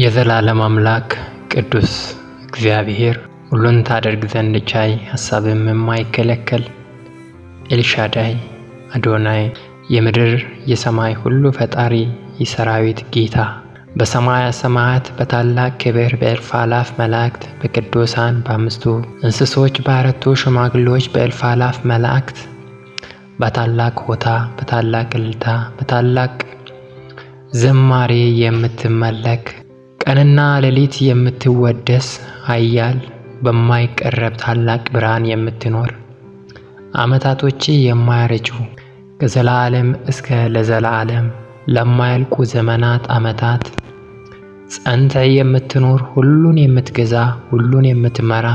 የዘላለም አምላክ ቅዱስ እግዚአብሔር ሁሉን ታደርግ ዘንድ ቻይ ሐሳብም የማይከለከል ኤልሻዳይ አዶናይ የምድር የሰማይ ሁሉ ፈጣሪ የሰራዊት ጌታ በሰማያ ሰማያት በታላቅ ክብር በእልፍ አላፍ መላእክት በቅዱሳን በአምስቱ እንስሶች በአረቱ ሽማግሌዎች በእልፍ አላፍ መላእክት በታላቅ ሆታ በታላቅ እልልታ በታላቅ ዝማሬ የምትመለክ ቀንና ሌሊት የምትወደስ ኃያል በማይቀረብ ታላቅ ብርሃን የምትኖር ዓመታቶች የማያረጁ ከዘላለም እስከ ለዘላለም ለማያልቁ ዘመናት ዓመታት ጸንተ የምትኖር ሁሉን የምትገዛ ሁሉን የምትመራ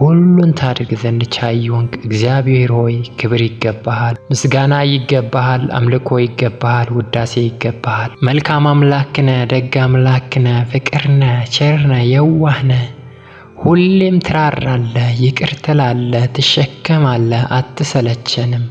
ሁሉን ታድርግ ዘንድ ቻይ እግዚአብሔር ሆይ ክብር ይገባሃል፣ ምስጋና ይገባሃል፣ አምልኮ ይገባሃል፣ ውዳሴ ይገባሃል። መልካም አምላክ ነህ፣ ደግ አምላክ ነህ፣ ፍቅር ነ ቸር ነህ፣ የዋህ ነህ። ሁሌም ትራራለ፣ ይቅር ትላለ፣ ትሸከማለ፣ አትሰለቸንም።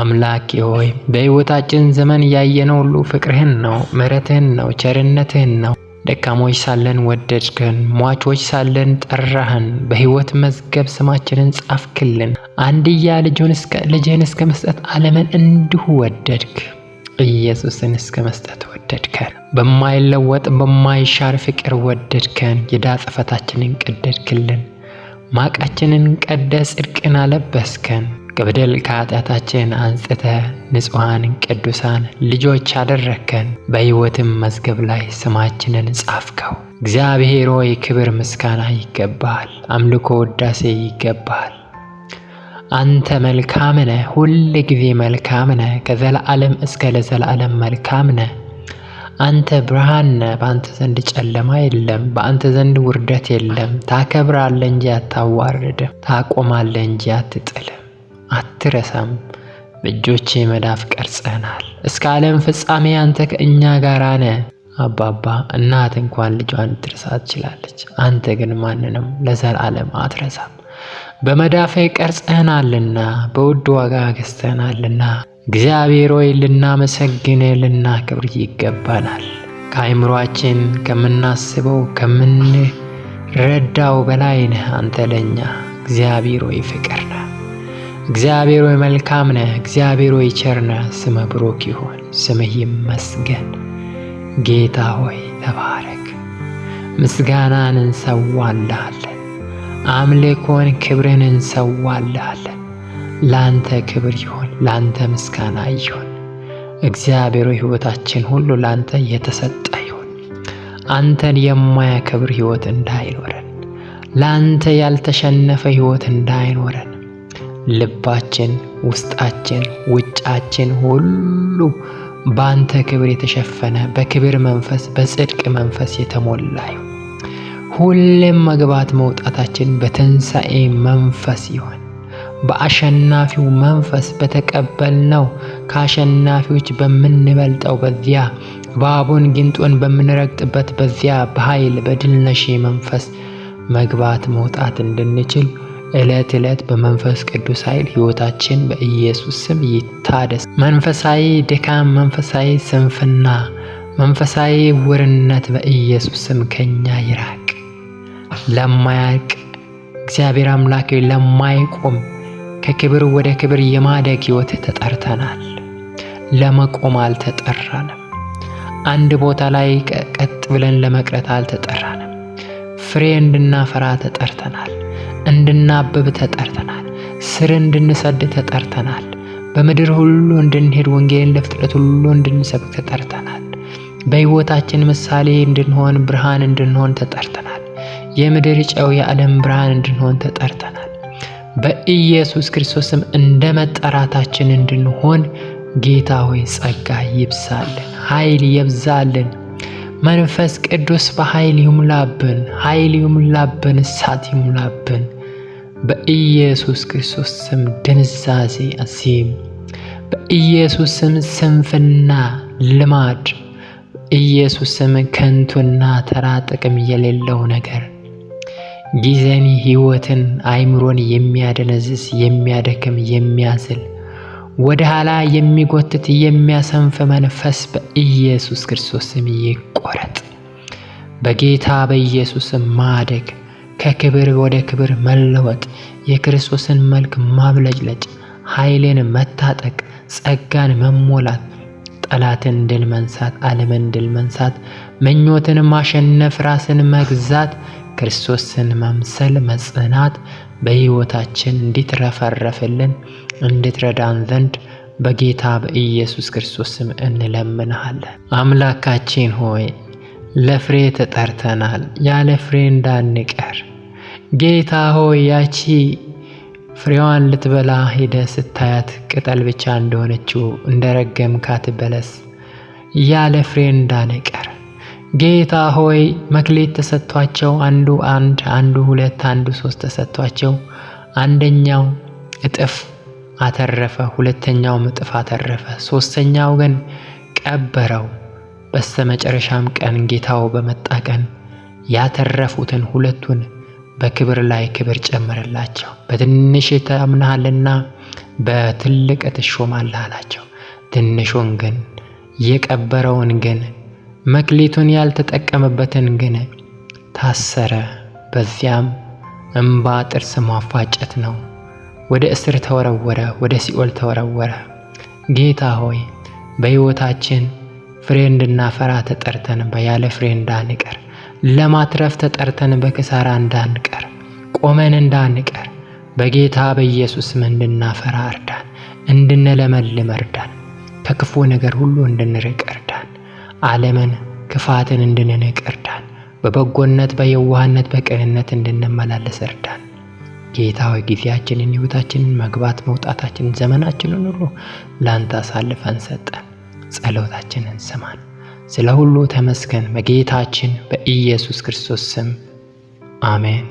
አምላኬ ሆይ በሕይወታችን ዘመን ያየነው ሁሉ ፍቅርህን ነው፣ ምሕረትህን ነው፣ ቸርነትህን ነው። ደካሞች ሳለን ወደድከን፣ ሟቾች ሳለን ጠራህን፣ በሕይወት መዝገብ ስማችንን ጻፍክልን። አንድያ ልጅህን እስከ መስጠት ዓለምን እንዲሁ ወደድክ፣ ኢየሱስን እስከ መስጠት ወደድከን። በማይለወጥ በማይሻር ፍቅር ወደድከን። የዳ ጽፈታችንን ቀደድክልን፣ ማቃችንን ቀደ ጽድቅን አለበስከን። ከበደል ከኃጢአታችን አንጽተ ንጹሐን ቅዱሳን ልጆች አደረግከን። በሕይወትም መዝገብ ላይ ስማችንን ጻፍከው። እግዚአብሔር ሆይ ክብር ምስጋና ይገባል፣ አምልኮ ውዳሴ ይገባል። አንተ መልካም ነ ሁል ጊዜ መልካም ነህ፣ ከዘላለም እስከ ለዘላለም መልካም ነ! አንተ ብርሃን ነ በአንተ ዘንድ ጨለማ የለም፣ በአንተ ዘንድ ውርደት የለም። ታከብራለ እንጂ አታዋርድም፣ ታቆማለ እንጂ አትጥልም። አትረሳም። በእጆቼ መዳፍ ቀርጸናል። እስከ ዓለም ፍጻሜ አንተ ከእኛ ጋር ነ አባባ እናት እንኳን ልጇን ትርሳ ትችላለች። አንተ ግን ማንንም ለዘላለም አትረሳም። በመዳፌ ቀርጸናልና በውድ ዋጋ ገዝተናልና እግዚአብሔር ሆይ ልናመሰግን ክብር ይገባናል። ከአይምሯችን ከምናስበው ከምንረዳው በላይ ነህ አንተ ለእኛ እግዚአብሔር ሆይ ፍቅር ነህ። እግዚአብሔር ሆይ መልካም ነህ፣ እግዚአብሔር ሆይ ቸር ነህ። ስምህ ብሩክ ይሁን፣ ስምህ ይመስገን። ጌታ ሆይ ተባረክ፣ ምስጋናን እንሰዋልሃለን። አምልኮን ክብርን እንሰዋልሃለን። ላንተ ክብር ይሁን፣ ላንተ ምስጋና ይሁን። እግዚአብሔር ሆይ ሕይወታችን ሁሉ ላንተ የተሰጠ ይሁን። አንተን የማያከብር ሕይወት እንዳይኖረን፣ ላንተ ያልተሸነፈ ሕይወት እንዳይኖረን ልባችን፣ ውስጣችን፣ ውጫችን ሁሉ በአንተ ክብር የተሸፈነ በክብር መንፈስ በጽድቅ መንፈስ የተሞላ ሁሌም መግባት መውጣታችን በትንሣኤ መንፈስ ይሆን። በአሸናፊው መንፈስ በተቀበልነው ከአሸናፊዎች በምንበልጠው በዚያ ባቡን ጊንጡን በምንረግጥበት በዚያ በኃይል በድል መንፈስ መግባት መውጣት እንድንችል ዕለት ዕለት በመንፈስ ቅዱስ ኃይል ሕይወታችን በኢየሱስ ስም ይታደስ። መንፈሳዊ ድካም፣ መንፈሳዊ ስንፍና፣ መንፈሳዊ ውርነት በኢየሱስ ስም ከኛ ይራቅ። ለማያቅ እግዚአብሔር አምላክ ለማይቆም ከክብር ወደ ክብር የማደግ ሕይወት ተጠርተናል። ለመቆም አልተጠራንም። አንድ ቦታ ላይ ቀጥ ብለን ለመቅረት አልተጠራንም። ፍሬ እንድናፈራ ተጠርተናል። እንድናብብ ተጠርተናል። ስር እንድንሰድ ተጠርተናል። በምድር ሁሉ እንድንሄድ ወንጌልን ለፍጥረት ሁሉ እንድንሰብክ ተጠርተናል። በሕይወታችን ምሳሌ እንድንሆን ብርሃን እንድንሆን ተጠርተናል። የምድር ጨው የዓለም ብርሃን እንድንሆን ተጠርተናል። በኢየሱስ ክርስቶስም እንደ መጠራታችን እንድንሆን ጌታ ሆይ ጸጋ ይብዛልን፣ ኃይል ይብዛልን። መንፈስ ቅዱስ በኃይል ይሙላብን፣ ኃይል ይሙላብን፣ እሳት ይሙላብን። በኢየሱስ ክርስቶስ ስም ድንዛዜ አዚም፣ በኢየሱስ ስም ስንፍና ልማድ፣ በኢየሱስ ስም ከንቱና ተራ ጥቅም የሌለው ነገር ጊዜን፣ ህይወትን፣ አይምሮን የሚያደነዝዝ የሚያደክም የሚያዝል ወደ ኋላ የሚጎትት የሚያሰንፍ መንፈስ በኢየሱስ ክርስቶስ ስም ይቆረጥ። በጌታ በኢየሱስ ስም ማደግ ከክብር ወደ ክብር መለወጥ፣ የክርስቶስን መልክ ማብለጭለጭ፣ ኃይልን መታጠቅ፣ ጸጋን መሞላት፣ ጠላትን ድል መንሳት፣ ዓለምን ድል መንሳት፣ ምኞትን ማሸነፍ፣ ራስን መግዛት፣ ክርስቶስን መምሰል መጽናት በሕይወታችን እንዲትረፈረፍልን እንድትረዳን ዘንድ በጌታ በኢየሱስ ክርስቶስ ስም እንለምንሃለን። አምላካችን ሆይ ለፍሬ ተጠርተናል ያለ ፍሬ እንዳንቀር። ጌታ ሆይ ያቺ ፍሬዋን ልትበላ ሄደ ስታያት ቅጠል ብቻ እንደሆነችው እንደረገምካት በለስ ያለ ፍሬ እንዳንቀር። ጌታ ሆይ መክሊት ተሰጥቷቸው አንዱ አንድ፣ አንዱ ሁለት፣ አንዱ ሶስት ተሰጥቷቸው አንደኛው እጥፍ አተረፈ፣ ሁለተኛውም እጥፍ አተረፈ፣ ሶስተኛው ግን ቀበረው። በስተመጨረሻም ቀን ጌታው በመጣ ቀን ያተረፉትን ሁለቱን በክብር ላይ ክብር ጨመረላቸው። በትንሽ ታምነሃልና በትልቅ ትሾማለህ አላቸው። ትንሹን ግን የቀበረውን ግን መክሊቱን ያልተጠቀመበትን ግን ታሰረ። በዚያም እምባ ጥርስ ማፋጨት ነው። ወደ እስር ተወረወረ፣ ወደ ሲኦል ተወረወረ። ጌታ ሆይ በሕይወታችን ፍሬንድና ፈራ ተጠርተን በያለ ፍሬ እንዳንቀር፣ ለማትረፍ ተጠርተን በክሳራ እንዳንቀር፣ ቆመን እንዳንቀር በጌታ በኢየሱስ በኢየሱስም እንድናፈራ እርዳን፣ እንድንለመልም እርዳን፣ ከክፉ ነገር ሁሉ እንድንርቅ እርዳን፣ ዓለምን ክፋትን እንድንንቅ እርዳን፣ በበጎነት በየዋህነት በቅንነት እንድንመላለስ እርዳን። ጌታ ሆይ ጊዜያችንን፣ ሕይወታችንን፣ መግባት መውጣታችንን፣ ዘመናችንን ሁሉ ላንተ አሳልፈን ሰጠን። ጸሎታችንን ስማን። ስለ ሁሉ ተመስገን። በጌታችን በኢየሱስ ክርስቶስ ስም አሜን።